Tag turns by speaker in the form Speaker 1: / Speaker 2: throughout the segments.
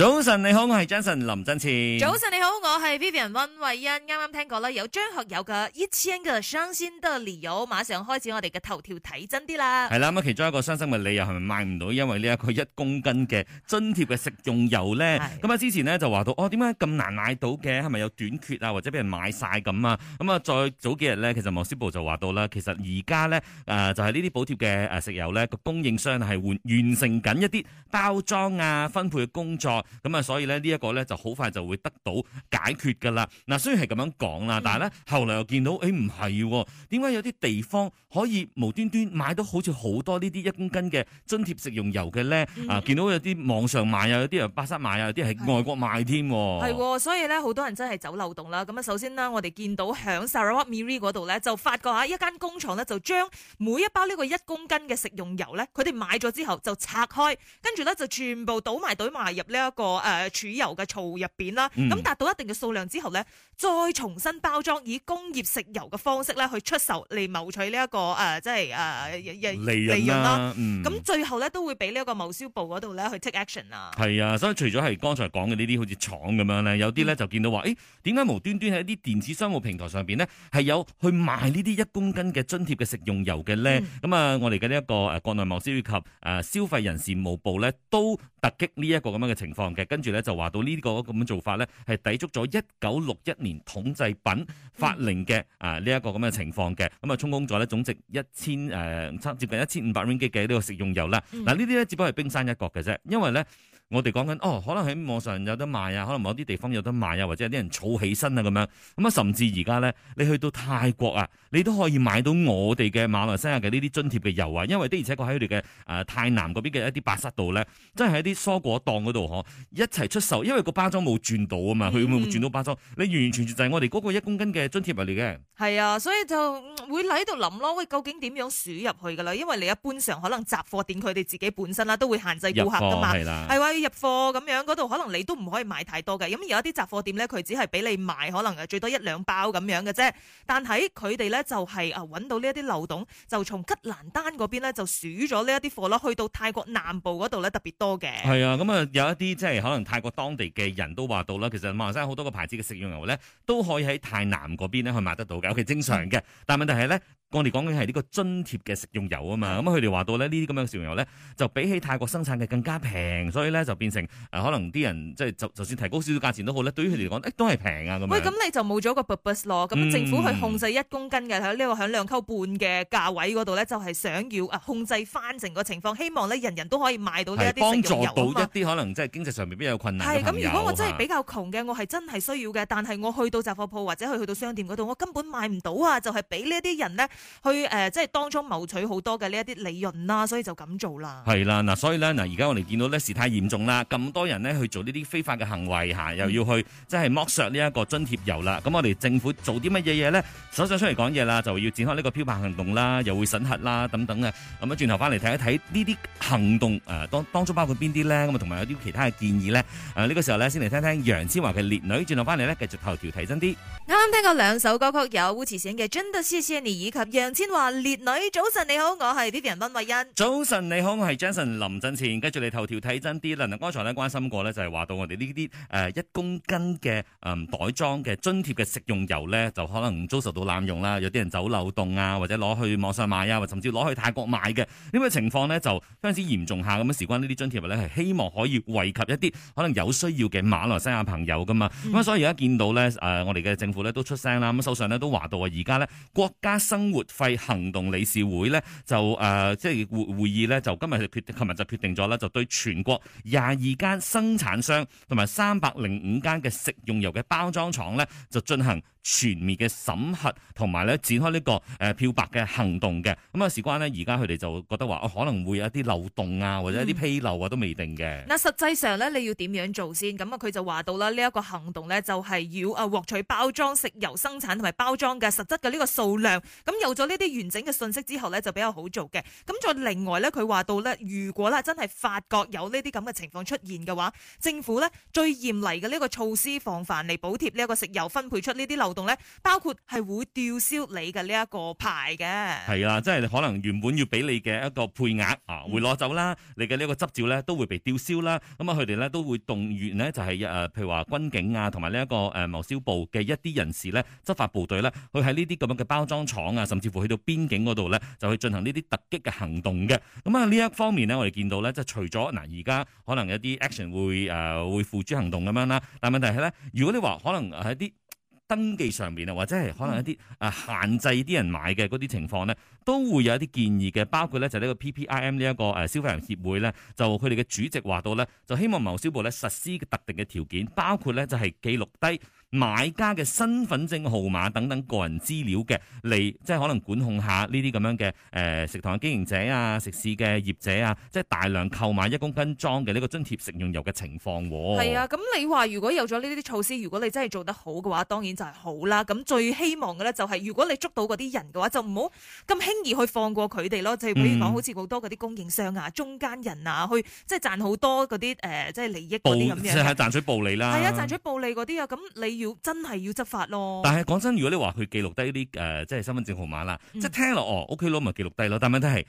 Speaker 1: 早晨，你好，我係 Jason 林振慈。早晨，
Speaker 2: 你好，我係 Vivian 温慧欣。啱啱聽過啦，有張學友嘅《一千個傷心的理由》，馬上開始我哋嘅頭條睇真啲啦。
Speaker 1: 係啦，咁其中一個傷心嘅理由係咪買唔到？因為呢一個一公斤嘅津貼嘅食用油咧，咁啊，之前咧就話到哦，點解咁難買到嘅？係咪有短缺啊？或者俾人買晒咁啊？咁啊，再早幾日咧，其實網斯部就話到啦，其實而家咧誒，就係呢啲補貼嘅誒食油咧個供應商係完完成緊一啲包裝啊分配嘅工作。咁啊，所以咧呢一、這個咧就好快就會得到解決噶啦。嗱，雖然係咁樣講啦，但係咧後嚟又見到，誒唔係，點解、啊、有啲地方可以無端端買到好似好多呢啲一公斤嘅津貼食用油嘅咧、嗯？啊，見到有啲網上買啊，有啲人巴沙買啊，有啲係外國買添。係，
Speaker 2: 所以咧好多人真係走漏洞啦。咁啊，首先呢，我哋見到喺 Sarawak Miri 嗰度咧，就發覺嚇一間工廠咧，就將每一包呢個一公斤嘅食用油咧，佢哋買咗之後就拆開，跟住咧就全部倒埋堆埋入呢一。個誒儲油嘅槽入邊啦，咁達到一定嘅數量之後咧，再重新包裝以工業食油嘅方式咧去出售謀，這個，嚟謀取呢一個誒即係誒、呃、利用。利潤啦、啊。咁、嗯、最後咧都會俾呢一個貿消部嗰度咧去 take action 啊。
Speaker 1: 係啊，所以除咗係剛才講嘅呢啲好似廠咁樣咧，有啲咧就見到話，誒點解無端端喺啲電子商務平台上邊咧係有去賣呢啲一公斤嘅津貼嘅食用油嘅咧？咁、嗯、啊，我哋嘅呢一個誒國內貿消及誒消費人事務部咧都突擊呢一個咁樣嘅情況。嘅，跟住咧就話到呢個咁嘅做法咧，係抵觸咗一九六一年統制品法令嘅啊呢一個咁嘅情況嘅，咁、嗯、啊充公咗咧總值一千誒接近一千五百 ringgit 嘅呢個食用油啦，嗱呢啲咧只不過係冰山一角嘅啫，因為咧。我哋講緊哦，可能喺網上有得賣啊，可能某啲地方有得賣啊，或者有啲人儲起身啊咁樣。咁啊，甚至而家咧，你去到泰國啊，你都可以買到我哋嘅馬來西亞嘅呢啲津貼嘅油啊。因為的而且確喺佢哋嘅誒泰南嗰邊嘅一啲巴剎度咧，真係喺啲蔬果檔嗰度嗬，一齊出售。因為個包裝冇轉到啊嘛，佢冇轉到包裝，嗯、你完完全全就係我哋嗰個一公斤嘅津貼嚟嘅。
Speaker 2: 係啊，所以就會喺度諗咯，究竟點樣輸入去㗎啦？因為你一般上可能雜貨店佢哋自己本身啦，都會限制顧客㗎嘛，係入貨咁樣嗰度，可能你都唔可以買太多嘅。咁有一啲雜貨店咧，佢只係俾你買，可能啊最多一兩包咁樣嘅啫。但喺佢哋咧就係啊揾到呢一啲漏洞，就從吉蘭丹嗰邊咧就數咗呢一啲貨啦，去到泰國南部嗰度咧特別多嘅。
Speaker 1: 係啊，咁、嗯、啊有一啲即係可能泰國當地嘅人都話到啦，其實馬來西亞好多個牌子嘅食用油咧都可以喺泰南嗰邊咧去買得到嘅，OK 正常嘅，嗯。但問題係咧。我哋講緊係呢個津貼嘅食用油啊嘛，咁佢哋話到咧，呢啲咁樣嘅食用油咧就比起泰國生產嘅更加平，所以咧就變成可能啲人即係就就算提高少少價錢都好咧，對於佢哋嚟講，都係平啊咁。喂、嗯，咁、嗯、
Speaker 2: 你就冇咗個 purpose 咯？咁政府去控制一公斤嘅喺呢個響兩溝半嘅價位嗰度咧，就係想要啊控制翻成個情況，希望咧人人都可以買到呢一啲食用油幫助到一啲
Speaker 1: 可能即係經濟上面比較困難係咁。如果我真係比
Speaker 2: 較窮嘅，我係真係需要嘅，但係我去到雜貨鋪或者去去到商店嗰度，我根本買唔到啊！就係、是、俾呢一啲人咧。去誒、呃，即係當中謀取好多嘅呢一啲利潤啦，所以就咁做啦。
Speaker 1: 係啦，嗱，所以咧，嗱，而家我哋見到咧事態嚴重啦，咁多人呢去做呢啲非法嘅行為吓、嗯，又要去即係剝削呢一個津貼油啦。咁我哋政府做啲乜嘢嘢咧？首首出嚟講嘢啦，就要展開呢個漂白行動啦，又會審核啦等等嘅。咁啊，轉頭翻嚟睇一睇呢啲行動誒，當當中包括邊啲咧？咁啊，同埋有啲其他嘅建議咧。誒，呢個時候咧，先嚟聽聽楊千嬅嘅《烈女》，轉頭翻嚟咧，繼續頭條睇真啲。
Speaker 2: 啱啱聽過兩首歌曲，有烏詞醒嘅《真的謝謝你》，以及。楊千嬅，烈女。早晨你好，我係 Vivian 溫慧
Speaker 1: 欣。早晨你好，我係 Jason 林振前。跟住你頭條睇真啲，嗱剛才呢，關心過呢就係話到我哋呢啲誒一公斤嘅袋裝嘅津貼嘅食用油呢，就可能遭受到濫用啦，有啲人走漏洞啊，或者攞去網上買啊，或甚至攞去泰國買嘅呢個情況呢，就非常之嚴重下咁樣。事關呢啲津貼物咧，係希望可以惠及一啲可能有需要嘅馬來西亞朋友噶嘛。咁、嗯、所以而家見到呢，誒，我哋嘅政府呢，都出聲啦，咁首相呢，都話到啊，而家呢國家生活。活費行動理事會咧就誒、呃，即係會會議咧就今日就決定，琴日就決定咗啦，就對全國廿二間生產商同埋三百零五間嘅食用油嘅包裝廠咧就進行。全面嘅審核同埋咧，展開呢個誒漂白嘅行動嘅，咁啊事關咧，而家佢哋就覺得話可能會有一啲漏洞啊，或者一啲紕漏啊，都未定嘅。嗱、
Speaker 2: 嗯，實際上咧，你要點樣做先？咁啊，佢就話到啦，呢一個行動咧，就係要啊獲取包裝食油生產同埋包裝嘅實質嘅呢個數量。咁有咗呢啲完整嘅信息之後咧，就比較好做嘅。咁再另外咧，佢話到咧，如果咧真係發覺有呢啲咁嘅情況出現嘅話，政府咧最嚴厲嘅呢個措施防範嚟補貼呢一個食油分配出呢啲漏。活動咧，包括係會吊銷你嘅呢一個牌嘅，
Speaker 1: 係啦、啊，即係可能原本要俾你嘅一個配額啊，會攞走啦、嗯。你嘅呢一個執照咧，都會被吊銷啦。咁啊，佢哋咧都會動員呢，就係、是、誒、呃，譬如話軍警啊，同埋呢一個誒貿消部嘅一啲人士咧，執法部隊咧，去喺呢啲咁樣嘅包裝廠啊，甚至乎去到邊境嗰度咧，就去進行呢啲突擊嘅行動嘅。咁啊，呢一方面咧，我哋見到咧，即係除咗嗱，而、呃、家可能有啲 action 會誒、呃、會付諸行動咁樣啦。但問題係咧，如果你話可能喺啲登記上面，啊，或者係可能一啲啊限制啲人買嘅嗰啲情況咧，都會有一啲建議嘅，包括咧就呢個 PPIM 呢一個誒消費人協會咧，就佢哋嘅主席話到咧，就希望貿消部咧實施特定嘅條件，包括咧就係記錄低。買家嘅身份證號碼等等個人資料嘅，嚟即係可能管控下呢啲咁樣嘅誒食堂嘅經營者啊、食肆嘅業者啊，即係大量購買一公斤裝嘅呢個津貼食用油嘅情況。係啊，
Speaker 2: 咁你話如果有咗呢啲措施，如果你真係做得好嘅話，當然就係好啦。咁最希望嘅咧，就係如果你捉到嗰啲人嘅話，就唔好咁輕易去放過佢哋咯。就比如講，嗯，好似好多嗰啲供應商啊、中間人啊，去即係賺好多嗰啲誒，即係利益嗰啲咁樣。即係
Speaker 1: 賺取暴利啦。係啊，賺取
Speaker 2: 暴利嗰啲啊，咁你。要真係要執法咯，但係
Speaker 1: 講真，如果你話佢記錄低啲誒、呃就是嗯，即係身份證號碼啦，即係聽落哦，OK，攞咪記錄低咯，但問題係。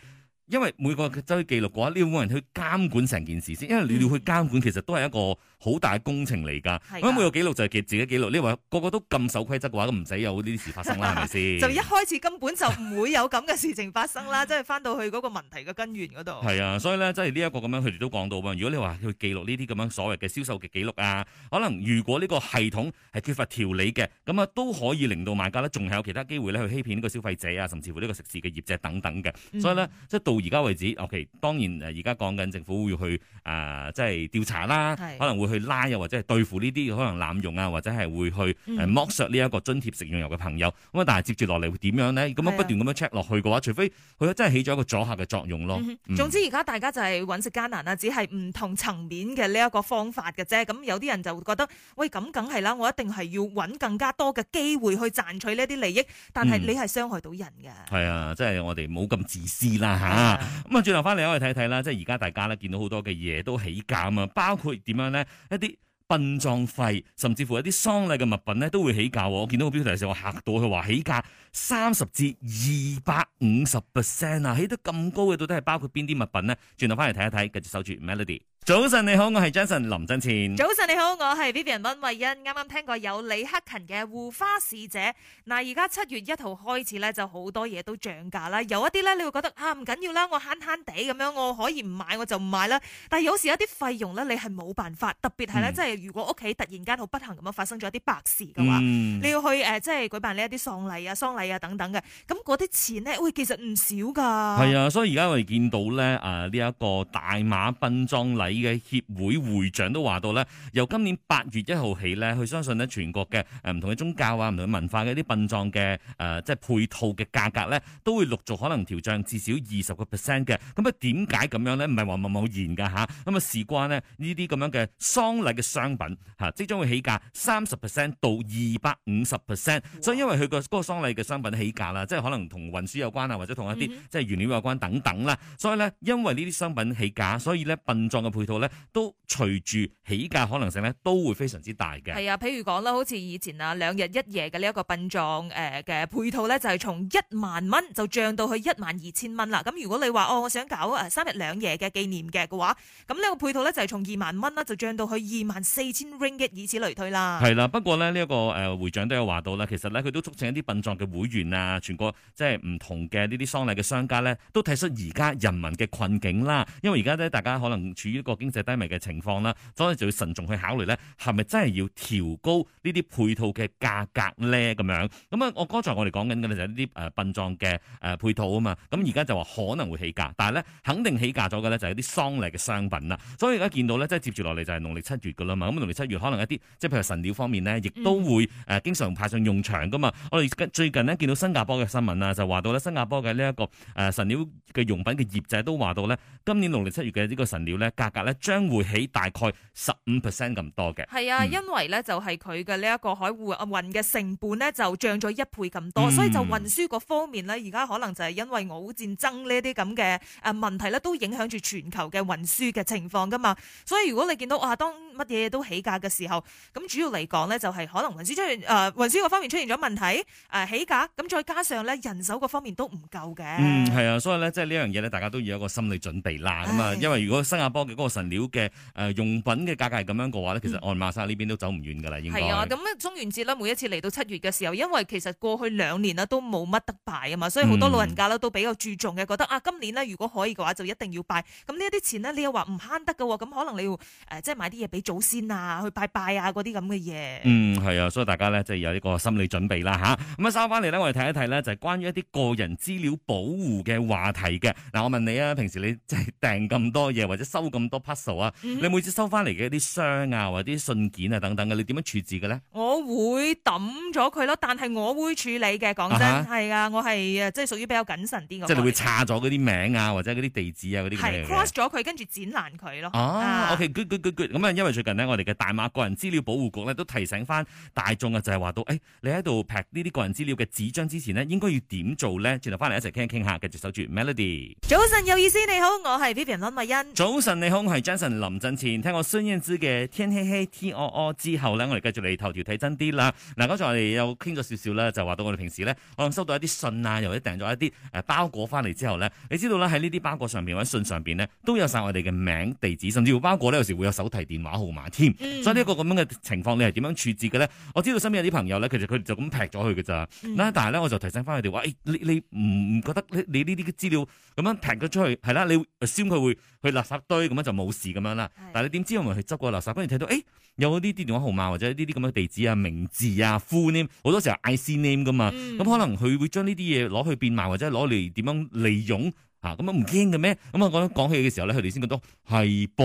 Speaker 1: 因為每個周記錄嘅話，有冇冇人去監管成件事先？因為你要去監管其實都係一個好大嘅工程嚟㗎、嗯。每個記錄就係記自己記錄。你話個個都咁守規則嘅話，都唔使有呢啲事發生啦，係咪先？就一
Speaker 2: 開始根本就唔會有咁嘅事情發生啦。 即係翻到去嗰個問題嘅根源嗰度。係
Speaker 1: 啊，所以呢，即係呢一個咁樣，佢哋都講到喎。如果你話去記錄呢啲咁樣所謂嘅銷售嘅記錄啊，可能如果呢個系統係缺乏條理嘅，咁啊都可以令到賣家咧，仲係有其他機會咧去欺騙呢個消費者啊，甚至乎呢個食肆嘅業者等等嘅、嗯。所以呢。即係而家為止，OK，當然誒，而家講緊政府會去誒、呃，即係調查啦，可能會去拉又或者係對付呢啲可能濫用啊，或者係會去誒剝削呢一個津貼食用油嘅朋友。咁啊，但係接住落嚟會點樣咧？咁樣不斷咁樣 check 落去嘅話，除非佢真係起咗一個阻嚇嘅作用咯、嗯。總之
Speaker 2: 而家大家就係搵食艱難啊，只係唔同層面嘅呢一個方法嘅啫。咁有啲人就會覺得，喂，咁梗係啦，我一定係要搵更加多嘅機會去賺取呢一啲利益，但係你係傷害到人
Speaker 1: 嘅。係、嗯、啊，即係我哋冇咁自私啦嚇。咁啊，轉頭翻嚟我哋睇睇啦，即係而家大家咧見到好多嘅嘢都起價啊，包括點樣咧？一啲殯葬費，甚至乎一啲喪禮嘅物品咧都會起價喎。我見到個標題時我嚇到，佢話起價三十至二百五十 percent 啊，起得咁高嘅到底係包括邊啲物品咧？轉頭翻嚟睇一睇，繼續守住 Melody。早晨你好，我係 Jason 林振前。早
Speaker 2: 晨你好，我係 Vivian 溫慧欣。啱啱聽過有李克勤嘅護花使者。嗱，而家七月一號開始咧，就好多嘢都漲價啦。有一啲咧，你會覺得啊，唔緊要啦，我慳慳地咁樣，我可以唔買，我就唔買啦。但係有時一啲費用咧，你係冇辦法，特別係咧，即、嗯、係如果屋企突然間好不幸咁樣發生咗一啲白事嘅話、嗯，你要去誒，即、呃、係舉辦呢一啲喪禮啊、喪禮啊等等嘅，咁嗰啲錢咧，喂，其實唔少噶。係啊，
Speaker 1: 所以而家我哋見到咧，誒、呃、呢、這、一個大馬殯葬禮。嘅協會會長都話到咧，由今年八月一號起咧，佢相信咧，全國嘅誒唔同嘅宗教啊、唔同嘅文化嘅一啲殯葬嘅誒、呃，即係配套嘅價格咧，都會陸續可能調漲至少二十個 percent 嘅。咁啊，點解咁樣咧？唔係話貿貿然㗎吓。咁啊，事關呢呢啲咁樣嘅喪禮嘅商品吓，即將會起價三十 percent 到二百五十 percent。所以因為佢個嗰個喪禮嘅商品起價啦，即係可能同運輸有關啊，或者同一啲即係原料有關等等啦、嗯。所以咧，因為呢啲商品起價，所以咧殯葬嘅配配套咧都隨住起價可能性咧都會非常之大嘅。係
Speaker 2: 啊，譬如講啦，好似以前啊兩日一夜嘅呢一個殯葬誒嘅配套咧，就係、是、從一萬蚊就漲到去一萬二千蚊啦。咁如果你話哦，我想搞誒三日兩夜嘅紀念嘅嘅話，咁呢個配套咧就係、是、從二萬蚊啦，就漲到去二萬四千 ringgit 嘅，以此類推啦。係
Speaker 1: 啦、啊，不過咧呢一、這個誒、呃、會長都有話到啦，其實咧佢都促請一啲殯葬嘅會員啊，全國即係唔同嘅呢啲喪禮嘅商家咧，都睇出而家人民嘅困境啦。因為而家咧大家可能處於一個經濟低迷嘅情況啦，所以就要慎重去考慮咧，係咪真係要調高呢啲配套嘅價格咧？咁樣咁啊，我剛才我哋講緊嘅咧就係呢啲誒殯葬嘅誒配套啊嘛。咁而家就話可能會起價，但係咧肯定起價咗嘅咧就係一啲喪禮嘅商品啦。所以而家見到咧，即係接住落嚟就係農曆七月噶啦嘛。咁農曆七月可能一啲即係譬如神料方面咧，亦都會誒經常派上用場噶嘛、嗯。我哋最近呢，見到新加坡嘅新聞啊，就話到咧新加坡嘅呢一個誒神料嘅用品嘅業者都話到咧，今年農曆七月嘅呢個神料咧價格。咧將會起大概十五 percent 咁多嘅，係
Speaker 2: 啊，嗯、因為咧就係佢嘅呢一個海運嘅成本咧就漲咗一倍咁多，嗯、所以就運輸嗰方面咧，而家可能就係因為俄烏戰爭呢啲咁嘅誒問題咧，都影響住全球嘅運輸嘅情況噶嘛。所以如果你見到哇，當乜嘢都起價嘅時候，咁主要嚟講咧就係可能運輸出現誒、呃、運輸嗰方面出現咗問題誒、呃、起價，咁再加上咧人手嗰方面都唔夠嘅。嗯，
Speaker 1: 係啊，所以咧即係呢樣嘢咧，大家都要有一個心理準備啦。咁啊，因為如果新加坡嘅嗰、嗰個神料嘅誒、呃、用品嘅價格係咁樣嘅話咧，其實艾瑪莎呢邊都走唔遠噶啦，已、嗯、該係
Speaker 2: 啊。咁啊，中元節咧，每一次嚟到七月嘅時候，因為其實過去兩年咧都冇乜得拜啊嘛，所以好多老人家咧都比較注重嘅、嗯，覺得啊，今年咧如果可以嘅話，就一定要拜。咁呢一啲錢呢，你又話唔慳得㗎喎，咁可能你要誒即係買啲嘢俾祖先啊，去拜拜啊嗰啲咁嘅嘢。
Speaker 1: 嗯，係啊，所以大家咧即係有呢個心理準備啦吓，咁啊，啊，收翻嚟咧，我哋睇一睇呢，就係、是、關於一啲個人資料保護嘅話題嘅。嗱、啊，我問你啊，平時你即 係訂咁多嘢或者收咁多。Puzzle 啊，你每次收翻嚟嘅一啲箱啊，或者啲信件啊等等嘅，你點樣處置嘅咧？
Speaker 2: 我會抌咗佢咯，但係我會處理嘅。講真係啊、uh-huh.，我係誒，即係屬於比較謹慎啲咁。即係你會叉
Speaker 1: 咗嗰啲名啊，或者嗰啲地址啊嗰啲。係 cross
Speaker 2: 咗佢，跟住剪爛佢咯。啊、
Speaker 1: ah,，OK，good，good，good，good，咁啊，因為最近呢，我哋嘅大馬個人資料保護局咧都提醒翻大眾啊，就係、是、話到，誒、欸，你喺度劈呢啲個人資料嘅紙張之前呢，應該要點做咧？轉頭翻嚟一齊傾一傾下，繼續守住 Melody。
Speaker 2: 早晨有意思，你好，我係 Vivian 林慧欣。
Speaker 1: 早晨你好。都係 Jason 林振前聽過孫燕姿嘅天黑黑 TOO 之後咧，我哋繼續嚟頭條睇真啲啦。嗱，剛才我哋又傾咗少少啦，就話到我哋平時咧，可能收到一啲信啊，或者訂咗一啲誒、呃、包裹翻嚟之後咧，你知道啦，喺呢啲包裹上邊或者信上邊咧，都有晒我哋嘅名地址，甚至乎包裹咧，有時會有手提電話號碼添、嗯。所以呢個咁樣嘅情況，你係點樣處置嘅咧？我知道身邊有啲朋友咧，其實佢哋就咁劈咗佢嘅咋。嗱、嗯，但係咧，我就提醒翻佢哋話：，你你唔唔覺得你呢啲嘅資料咁樣劈咗出去，係啦，你燒佢會？去垃圾堆咁樣就冇事咁樣啦，但係你點知有冇去執過垃圾？跟住睇到，誒、欸、有嗰啲電話號碼或者呢啲咁嘅地址啊、名字啊、full name，好多時候 IC name 噶嘛，咁、嗯、可能佢會將呢啲嘢攞去變賣或者攞嚟點樣利用。咁啊唔驚嘅咩？咁啊講講起嘅時候咧，佢哋先覺得係噃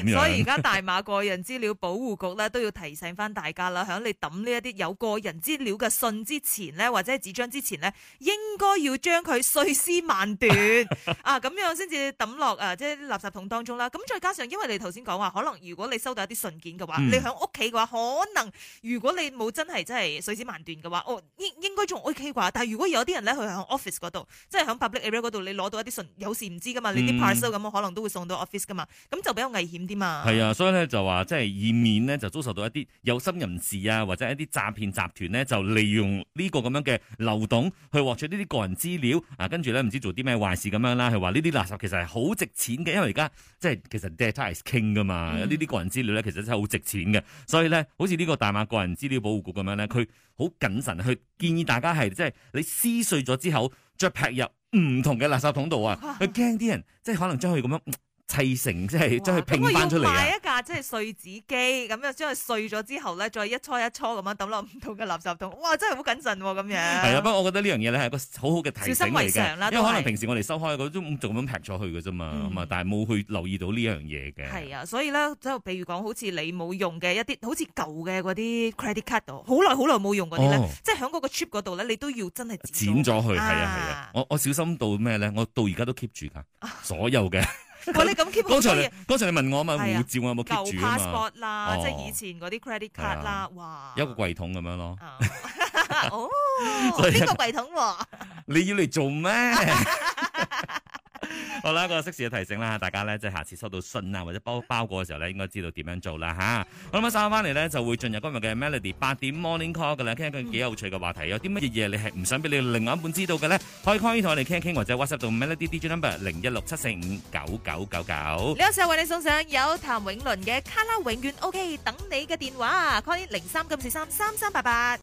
Speaker 1: 咁樣。所以而家
Speaker 2: 大馬個人資料保護局咧 都要提醒翻大家啦，喺你抌呢一啲有個人資料嘅信之前咧，或者紙張之前咧，應該要將佢碎屍萬段啊，咁樣先至抌落啊，即係啲垃圾桶當中啦。咁再加上，因為你頭先講話，可能如果你收到一啲信件嘅話，嗯、你喺屋企嘅話，可能如果你冇真係真係碎屍萬段嘅話，哦應應該仲 O K 啩。但係如果有啲人咧，佢喺 office 嗰度，即係喺 public area 嗰度，你攞到。啲信有時唔知噶嘛？呢啲 parcel 咁可能都會送到 office 噶嘛？咁、嗯、就比較危險啲嘛。係
Speaker 1: 啊，所以咧就話即係以免咧就遭受到一啲有心人士啊，或者一啲詐騙集團咧就利用呢個咁樣嘅漏洞去獲取呢啲個人資料啊，跟住咧唔知做啲咩壞事咁樣啦。佢話呢啲垃圾其實係好值錢嘅，因為而家即係其實 data is king 噶嘛，呢、嗯、啲個人資料咧其實真係好值錢嘅。所以咧，好似呢個大馬個人資料保護局咁樣咧，佢好謹慎去建議大家係即係你撕碎咗之後再劈入。唔同嘅垃圾桶度啊，佢驚啲人即係可能將佢咁樣，砌成即係，即係拼翻出嚟啊！買一
Speaker 2: 架即係、就是、碎紙機，咁樣將佢碎咗之後咧，再一搓一搓咁樣抌落唔同嘅垃圾桶。哇！真係好謹慎喎，咁樣係啊。
Speaker 1: 不過我覺得呢樣嘢咧係個好好嘅提醒嚟嘅，小心為常啦，因為可能平時我哋收開嗰種咁就咁劈咗去嘅啫嘛，咁、嗯、啊，但係冇去留意到呢樣嘢嘅係
Speaker 2: 啊。所以咧、哦，即係譬如講，好似你冇用嘅一啲，好似舊嘅嗰啲 credit card，好耐好耐冇用嗰啲咧，即係喺嗰個 trip 嗰度咧，你都要真係
Speaker 1: 剪咗去係啊係啊！我我小心到咩咧？我到而家都 keep 住噶，所有嘅。啊
Speaker 2: 我哋咁 keep 住啲嘢。剛
Speaker 1: 才你問我啊嘛，護照我有冇 keep 住 passport 啦，哦、即係以
Speaker 2: 前嗰啲 credit card 啦，啊、哇！
Speaker 1: 有個櫃桶咁樣咯。
Speaker 2: 哦，邊、 哦、 個櫃桶喎、啊？
Speaker 1: 你要嚟做咩？ 好啦，一個適時嘅提醒啦，大家咧即係下次收到信啊或者包包裹嘅時候咧，應該知道點樣做啦嚇。稍後返嚟咧就會進入今日嘅 Melody 八點 Morning Call 嘅啦，傾緊幾有趣嘅話題，有啲乜嘢嘢你係唔想俾你另外一半知道嘅咧？可以 call 同我哋傾一傾，或者 WhatsApp 到 Melody DJ number 零一六七四五九九九九。呢個
Speaker 2: 時候為你送上有譚詠麟嘅卡拉永遠 OK 等你嘅電話啊，call 呢零三九四三三三八八。